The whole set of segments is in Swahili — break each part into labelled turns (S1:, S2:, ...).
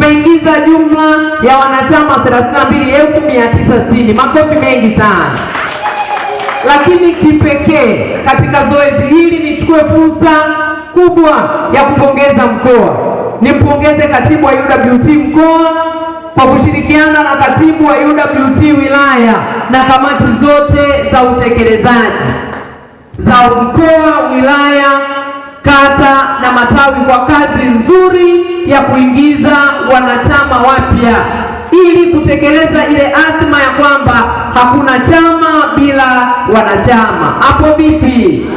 S1: Tumeingiza jumla ya wanachama 32960 makofi mengi sana. Lakini kipekee katika zoezi hili, nichukue fursa kubwa ya kupongeza mkoa, nimpongeze katibu wa UWT mkoa kwa kushirikiana na katibu wa UWT wilaya na kamati zote za utekelezaji za mkoa, wilaya kata na matawi kwa kazi nzuri ya kuingiza wanachama wapya ili kutekeleza ile azma ya kwamba hakuna chama bila wanachama. Hapo vipi?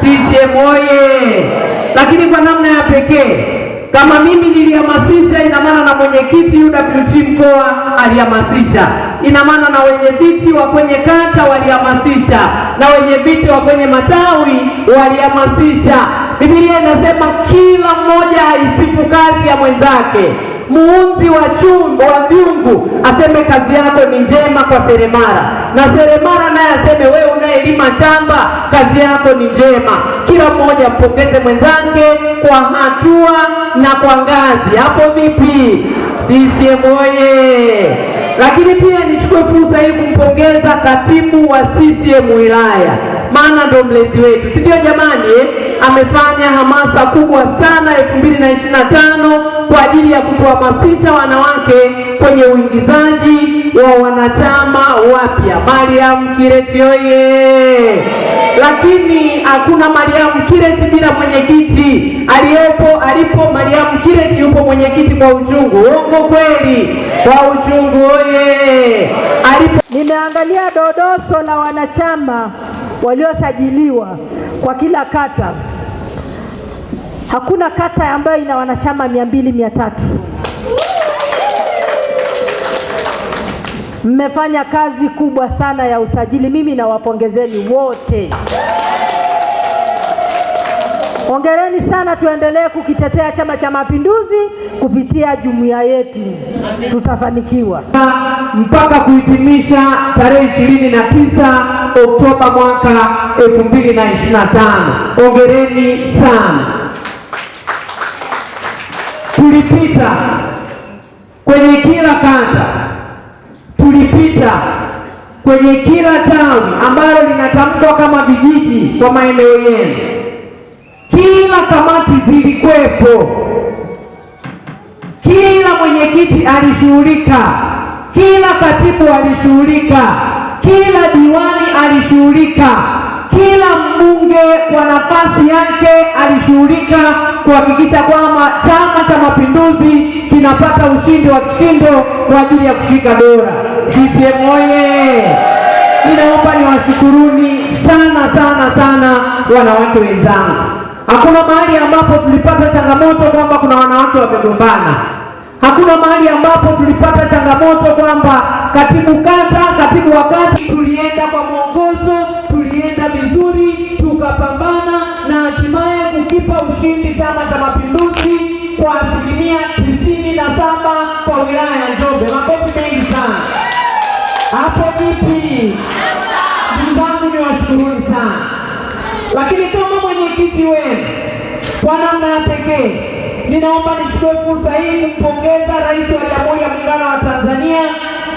S1: CCM oye! Lakini kwa namna ya pekee kama mimi nilihamasisha, ina maana na mwenyekiti UWT mkoa alihamasisha, ina maana na wenyeviti wa kwenye kata walihamasisha, na wenyeviti wa kwenye matawi walihamasisha Biblia inasema kila mmoja aisifu kazi ya mwenzake. Muunzi wa chungu wa vyungu aseme kazi yako ni njema kwa seremara na seremara naye aseme wewe unayelima shamba kazi yako ni njema. Kila mmoja mpongeze mwenzake kwa hatua na kwa ngazi. Hapo vipi? CCM oye! Lakini pia nichukue fursa hii kumpongeza katibu wa CCM wilaya maana ndo mlezi wetu, si ndio? Jamani eh, amefanya hamasa kubwa sana elfu mbili na ishirini na tano kwa ajili ya kutuhamasisha wanawake kwenye uingizaji wa wanachama wapya. Mariam Kireti oye! Lakini hakuna Mariam Kireti bila mwenyekiti aliyepo. Alipo Mariam Kireti yupo mwenyekiti kwa uchungu, uongo kweli? Kwa uchungu oye!
S2: Alipo nimeangalia dodoso la wanachama waliosajiliwa kwa kila kata. Hakuna kata ambayo ina wanachama mia mbili mia tatu. Mmefanya kazi kubwa sana ya usajili, mimi nawapongezeni wote, hongereni sana. Tuendelee kukitetea Chama cha Mapinduzi kupitia jumuiya yetu, tutafanikiwa
S1: mpaka kuhitimisha tarehe ishirini na tisa Oktoba mwaka 2025. Hongereni sana. Tulipita kwenye kila kata, tulipita kwenye kila tawi ambalo linatamkwa kama vijiji kwa maeneo yenu. Kila kamati zilikuwepo, kila mwenyekiti alishughulika, kila katibu alishughulika kila diwani alishughulika, kila mbunge kwa nafasi yake alishughulika kuhakikisha kwamba Chama cha Mapinduzi kinapata ushindi wa kishindo kwa ajili ya kushika dola. CCM oye! Ninaomba niwashukuruni sana sana sana wanawake wenzangu. Hakuna mahali ambapo tulipata changamoto kwamba kuna wanawake wamegombana. Hakuna mahali ambapo tulipata changamoto kwamba katibu kata, katibu wa kata. Tulienda kwa mwongozo, tulienda vizuri, tukapambana na hatimaye kukipa ushindi Chama cha Mapinduzi kwa asilimia tisini na saba kwa wilaya ya Njombe. Makofi mengi sana hapo. Vipi ndugu, washukuruni sana lakini kama mwenyekiti wenu kwa namna ya pekee ninaomba nichukue fursa hii kumpongeza Rais wa Jamhuri ya Muungano wa Tanzania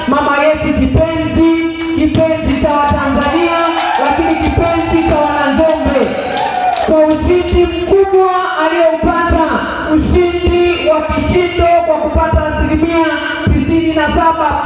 S1: mama yetu kipenzi, kipenzi cha Watanzania, lakini kipenzi cha Wananzombe, kwa ushindi mkubwa aliyoupata, ushindi wa kishindo kwa kupata asilimia tisini na saba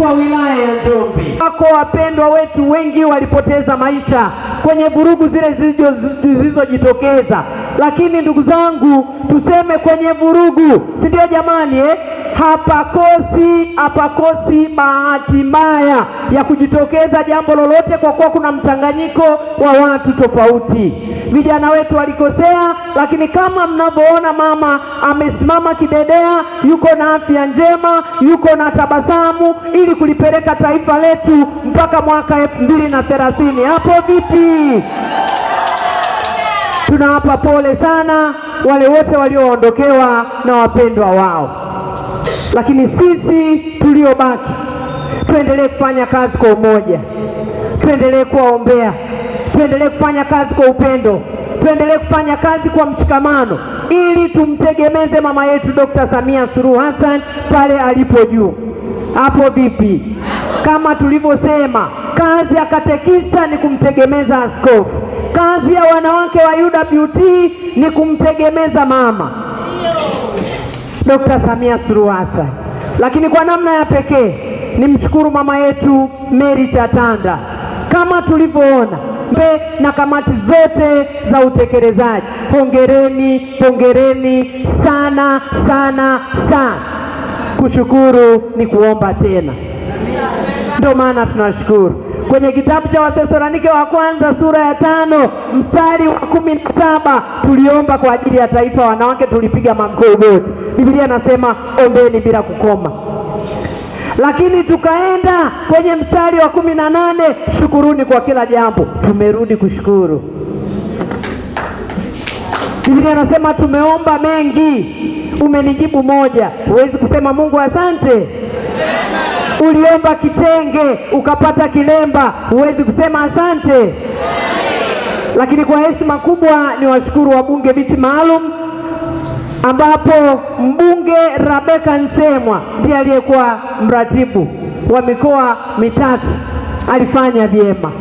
S1: kwa wilaya ya Njombe. Wako wapendwa wetu wengi walipoteza maisha kwenye vurugu zile zilizojitokeza, lakini ndugu zangu, tuseme kwenye vurugu, si ndio jamani eh? hapakosi hapakosi bahati mbaya ya kujitokeza jambo lolote, kwa kuwa kuna mchanganyiko wa watu tofauti. Vijana wetu walikosea, lakini kama mnavyoona, mama amesimama kidedea, yuko na afya njema, yuko na tabasamu, ili kulipeleka taifa letu mpaka mwaka elfu mbili na thelathini. Hapo vipi? Tunawapa pole sana wale wote walioondokewa na wapendwa wao lakini sisi tuliobaki tuendelee kufanya kazi kwa umoja, tuendelee kuwaombea, tuendelee kufanya kazi kwa upendo, tuendelee kufanya kazi kwa mshikamano, ili tumtegemeze mama yetu Dr. Samia Suluhu Hassan pale alipo juu. Hapo vipi? Kama tulivyosema, kazi ya katekista ni kumtegemeza askofu, kazi ya wanawake wa UWT ni kumtegemeza mama Dkt. Samia Suluhu Hassan. Lakini kwa namna ya pekee nimshukuru mama yetu Mary Chatanda, kama tulivyoona na kamati zote za utekelezaji, hongereni, hongereni sana sana sana. Kushukuru ni kuomba tena, ndio maana tunashukuru kwenye kitabu cha Wathesalonike wa kwanza sura ya tano mstari wa kumi na saba tuliomba kwa ajili ya taifa, wanawake tulipiga magogoti. Biblia nasema ombeni bila kukoma lakini tukaenda kwenye mstari wa kumi na nane shukuruni kwa kila jambo. Tumerudi kushukuru. Biblia anasema tumeomba mengi, umenijibu moja. Huwezi kusema Mungu asante? uliomba kitenge ukapata kilemba, huwezi kusema asante. Lakini kwa heshima kubwa ni washukuru wabunge viti maalum, ambapo mbunge rabeka Nsemwa ndiye aliyekuwa mratibu wa mikoa mitatu. Alifanya vyema,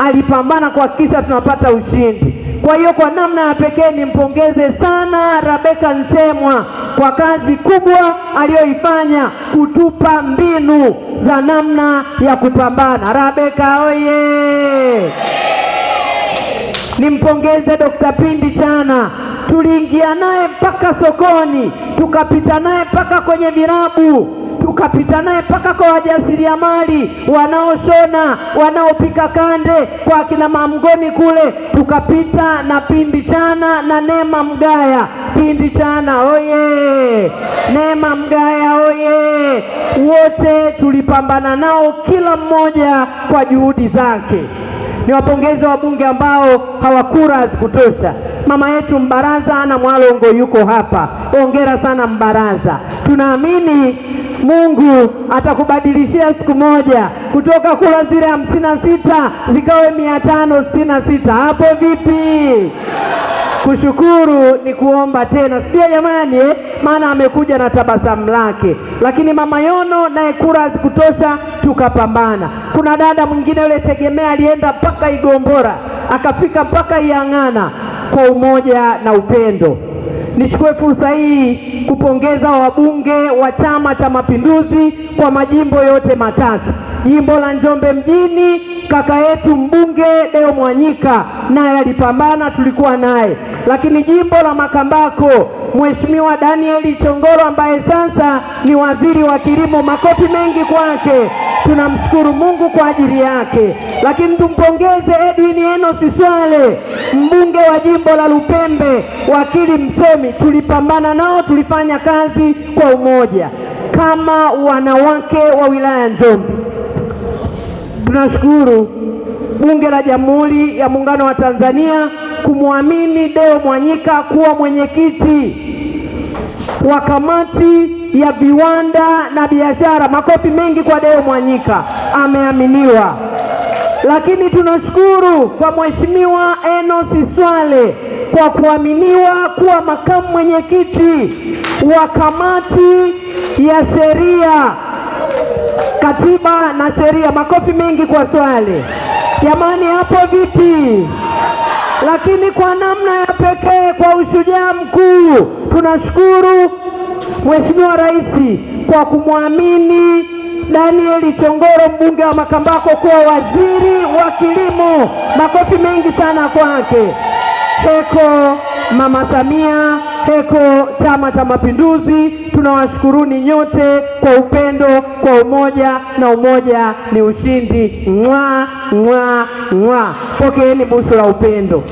S1: alipambana kuhakikisha tunapata ushindi. Kwa hiyo kwa namna ya pekee nimpongeze sana Rabeka Nsemwa kwa kazi kubwa aliyoifanya kutupa mbinu za namna ya kupambana. Rabeka oye! Nimpongeze Dokta Pindi Chana, tuliingia naye mpaka sokoni, tukapita naye mpaka kwenye virabu ukapita naye mpaka kwa wajasiriamali wanaoshona, wanaopika kande, kwa akina mamgoni kule, tukapita na Pindi Chana na Neema Mgaya. Pindi Chana oye! Neema Mgaya oye! Wote tulipambana nao, kila mmoja kwa juhudi zake. Ni wapongeze wabunge ambao hawakura kutosha Mama yetu Mbaraza na Mwalongo yuko hapa, ongera sana Mbaraza. Tunaamini Mungu atakubadilishia siku moja kutoka kula zile hamsini na sita zikawe mia tano sitini na sita. Hapo vipi? Kushukuru ni kuomba tena, sijue jamani eh? Maana amekuja na tabasamu lake, lakini mama Yono naye kura hazikutosha, tukapambana. Kuna dada mwingine yule tegemea alienda mpaka Igombora akafika mpaka Iang'ana kwa umoja na upendo. Nichukue fursa hii kupongeza wabunge wa Chama cha Mapinduzi kwa majimbo yote matatu. Jimbo la Njombe mjini, kaka yetu mbunge Deo Mwanyika naye alipambana, tulikuwa naye. Lakini jimbo la Makambako, Mheshimiwa Daniel Chongoro ambaye sasa ni waziri wa kilimo, makofi mengi kwake tunamshukuru Mungu kwa ajili yake, lakini tumpongeze Edwin Enosi Swale, mbunge wa jimbo la Lupembe, wakili msomi. Tulipambana nao, tulifanya kazi kwa umoja kama wanawake wa wilaya Njombe. Tunashukuru Bunge la Jamhuri ya Muungano wa Tanzania kumwamini Deo Mwanyika kuwa mwenyekiti wa kamati ya viwanda na biashara. Makofi mengi kwa Deo Mwanyika, ameaminiwa. Lakini tunashukuru kwa Mheshimiwa Enos Swale kwa kuaminiwa kuwa makamu mwenyekiti wa kamati ya sheria, katiba na sheria. Makofi mengi kwa Swale. Jamani, hapo vipi? lakini kwa namna ya pekee kwa ushujaa mkuu tunashukuru Mheshimiwa Rais kwa kumwamini Danieli Chongoro mbunge wa Makambako kuwa waziri wa kilimo. Makofi mengi sana kwake. Heko. Mama Samia heko Chama cha Mapinduzi, tunawashukuruni nyote kwa upendo, kwa umoja, na umoja ni ushindi. Mwa mwa mwa, pokeeni busu la upendo.